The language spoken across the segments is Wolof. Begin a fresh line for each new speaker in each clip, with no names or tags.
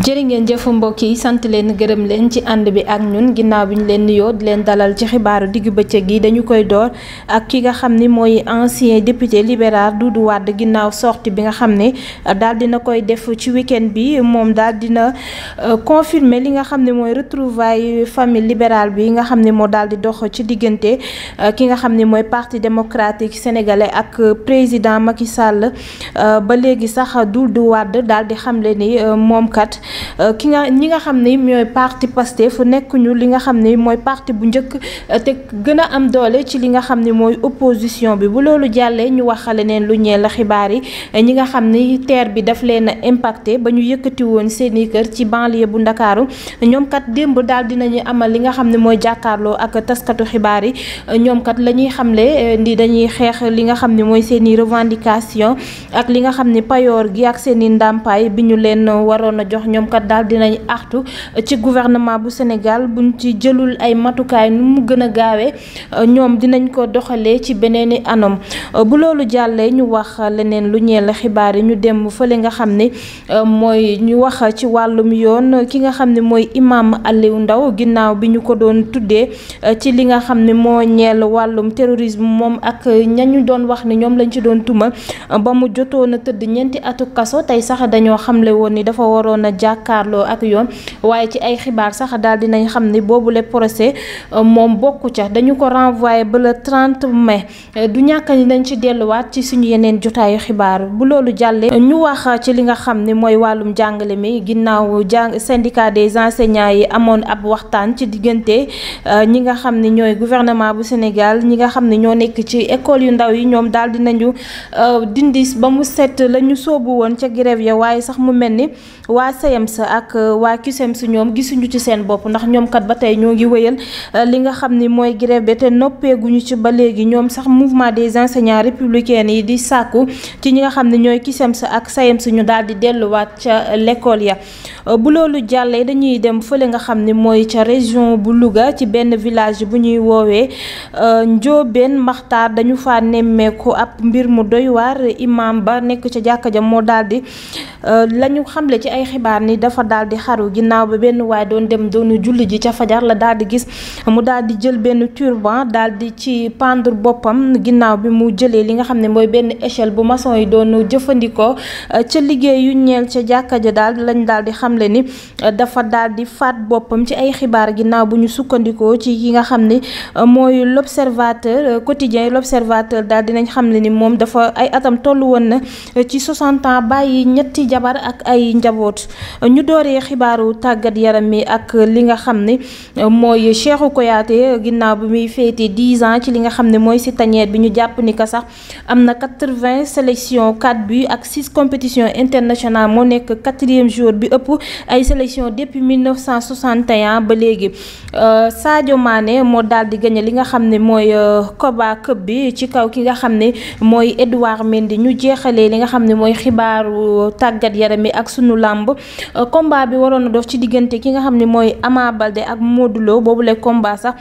jërë ngeen jëf mbokk yi sant leen gërëm leen ci ànd bi ak ñun ginnaaw bi ñu leen di leen dalal ci xibaaru dañu koy door ak ki nga ancien député libéral Doudouard Wade ginnaaw sorti bi nga xam ne euh, daal dina koy def ci week-end bi moom daal dina euh, confirmer li nga xam ne retrouvaille famille libérale bi nga xam ne moo dox ci diggante euh, ki nga xam parti démocratique sénégalais ak président Macky Sall ba léegi sax Doudou Wade daal di ni kat Euh, ki nga ñi nga xam ne ñooy parti fu nekkuñu li nga xam ne mooy parti bu njëkk euh, te gën a am doole ci li nga xam ne mooy opposition bi bu loolu jàllee ñu wax xale neen lu la xibaar yi ñi nga xam ni terre bi daf leen a impacté ba ñu yëkkati woon seeni kër ci banlieue bu Ndakaaru ñoom kat démb daal dinañu amal li nga xam ne mooy jàkkaarloo ak taskatu xibaar yi ñoom kat la ñuy xamle euh, ni dañuy xeex li nga xam ne mooy seeni revendication ak li nga xam ne payoor gi ak seeni ndàmpaay bi ñu leen waroon a jox ñoom kat daal dinañ artu ci gouvernement bu Sénégal buñ ci jëlul ay matukaay nu mu gën a gaawee ñoom dinañ ko doxalee ci beneen i anam bu loolu jàllee ñu wax leneen lu ñeel xibaar yi ñu dem fële nga xam ne mooy ñu wax ci wàllum yoon ki nga xam ne mooy imaam Aliou ndaw ginnaaw bi ñu ko doon tuddee ci li nga xam ne moo ñeel wàllum terrorisme moom ak ñañu doon wax ni ñoom lañ ci doon tuma ba mu jotoon tëdd ñeenti atu kaso tey sax dañoo xamle woon ni dafa waroon jàkkaarloo ak yoon waaye ci ay xibaar sax daal dinañ xam ni boobu le procès euh, moom bokku ca dañu ko renvoyé ba le 30 mai euh, du ñàkk ni dañ ci delluwaat ci suñu yeneen jotaayu xibaar bu loolu jàllee euh, ñu wax ci li nga xam ni mooy wàllum jàngale mi ginnaaw jàng syndicat des enseignants yi amoon ab waxtaan ci diggante ñi nga xam ni ñooy gouvernement bu Sénégal ñi nga xam ni ñoo nekk ci école yu ndaw yi ñoom daal dinañu dindi ba mu set lañu soobu woon ca grève ya waaye sax mu mel ni CEMS ak euh, waa CUSEMS ñoom gisuñu ci seen bopp ndax ñoom kat ba tey ñoo ngi wéyal euh, li nga xam ni mooy grève bi ci ba léegi ñoom sax mouvement des enseignants républicains yi di sàkku ci ñi nga xam ne ñooy kiseem CUSEMS ak CEMS ñu daal di delluwaat ca euh, lekkool ya bu loolu jàllee dañuy dem fële nga xam ni mooy ca région bu Louga ci benn village bu ñuy woowee Ndiobène Makhtar dañu fa nemmeeku ab mbir mu doy imam ba nekk ca jàkka ja moo daldi Euh, la ñu xamle ci ay xibaar ni dafa daal di xaru ginnaaw ba benn waaye doon dem doonu julli ji ca fajar la daal di gis mu daal di jël benn turban daal di ci pendre boppam ginnaaw bi mu jëlee li nga xam ne mooy benn échelle bu maçon yi doon jëfandikoo euh, ca liggéey yu ñeel ca jàkka daal lañ daal di xamle ni euh, dafa daal di faat boppam ci ay xibaar ginnaaw bu ñu sukkandikoo ci ki nga xam ne mooy l'observateur quotidien l'observateur daal dinañ xam ne ni moom dafa ay atam tollu woon na ci 60 ans bàyyi ñetti jabar ak ay njaboot ñu dooree xibaaru tagat yaram mi ak li nga xamné moy Cheikhou koyaté ginnaaw bi muy féetee 10 ans ci li nga xamné moy ci si bi ñu japp ni ka sax amna 80 sélection 4 buts ak 6 compétitions internationales nek 4e jour bi ëpp ay sélection depuis 1961 ba légui euh Sadio Mané mo daal di gagné li nga xamné moy mooy euh, Cup bi ci kaw ki nga xamné moy mooy Edouard Mendy ñu jéxalé li nga xamné moy xibaaru euh, tàggat tàggat yaram yi ak sunu euh, bi waroon na dox ci diggante ki nga xam ne mooy Ama Baldé ak Modou boobu boobule combat sax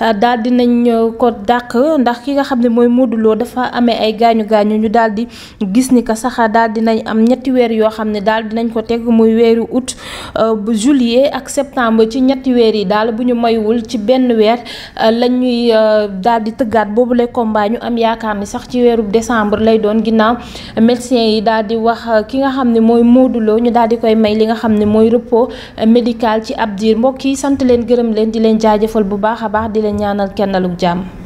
euh, daal di nañ euh, ko dàq ndax ki nga xam ne mooy Modou dafa ame ay gaañu gaañu ñu daal di gis ni ko sax daal di nañ am ñetti weer yoo xam ne daal di nañ ko teg muy weeru août bu juillet ak septembre ci ñetti weer yi daal bu ñu mayuwul ci benn weer la ñuy daal di tëggaat boobule combat ñu am yaakaar ni sax ci weeru décembre lay doon ginnaaw médecin yi daal wax mooy Modou ñu daal di koy may li nga xam ne mooy repos euh, médical ci ab diir mbokk yi sant leen gërëm leen di leen jaajëfal bu baax a baax di leen ñaanal kennaluk jàmm